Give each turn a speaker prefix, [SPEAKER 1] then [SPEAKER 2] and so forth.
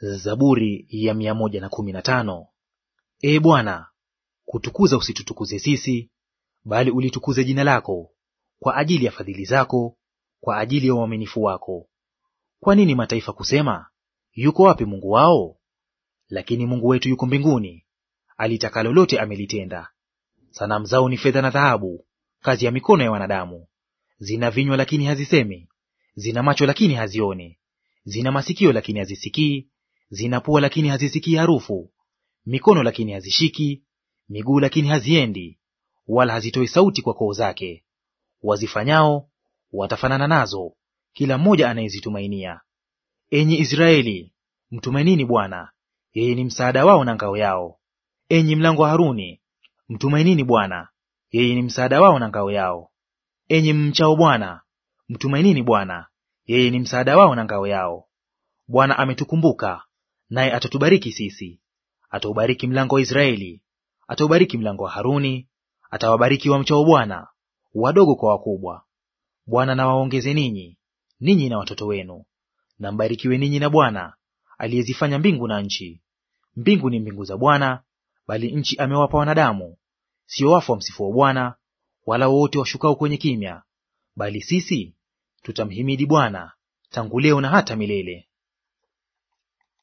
[SPEAKER 1] Zaburi ya 115. E ee Bwana, kutukuza usitutukuze sisi, bali ulitukuze jina lako kwa ajili ya fadhili zako, kwa ajili ya uaminifu wako. Kwa nini mataifa kusema, yuko wapi Mungu wao? Lakini Mungu wetu yuko mbinguni, alitaka lolote amelitenda. Sanamu zao ni fedha na dhahabu, kazi ya mikono ya wanadamu. Zina vinywa lakini hazisemi, zina macho lakini hazioni, zina masikio lakini hazisikii, zinapua lakini hazisikii harufu, mikono lakini hazishiki, miguu lakini haziendi, wala hazitoi sauti kwa koo zake. Wazifanyao watafanana nazo, kila mmoja anayezitumainia. Enyi Israeli, mtumainini Bwana, yeye ni msaada wao na ngao yao. Enyi mlango wa Haruni, mtumainini Bwana, yeye ni msaada wao na ngao yao. Enyi mmchao Bwana, mtumainini Bwana, yeye ni msaada wao na ngao yao. Bwana ametukumbuka, naye atatubariki sisi. Ataubariki mlango wa Israeli, ataubariki mlango wa Haruni, atawabariki mchao Bwana, wadogo kwa wakubwa. Bwana na waongeze ninyi, ninyi na watoto wenu. Na mbarikiwe ninyi na Bwana aliyezifanya mbingu na nchi. Mbingu ni mbingu za Bwana, bali nchi amewapa wanadamu, sio wafu wa Bwana, wala wote washukao kwenye kimya, bali sisi tutamhimidi Bwana tangu leo na hata milele.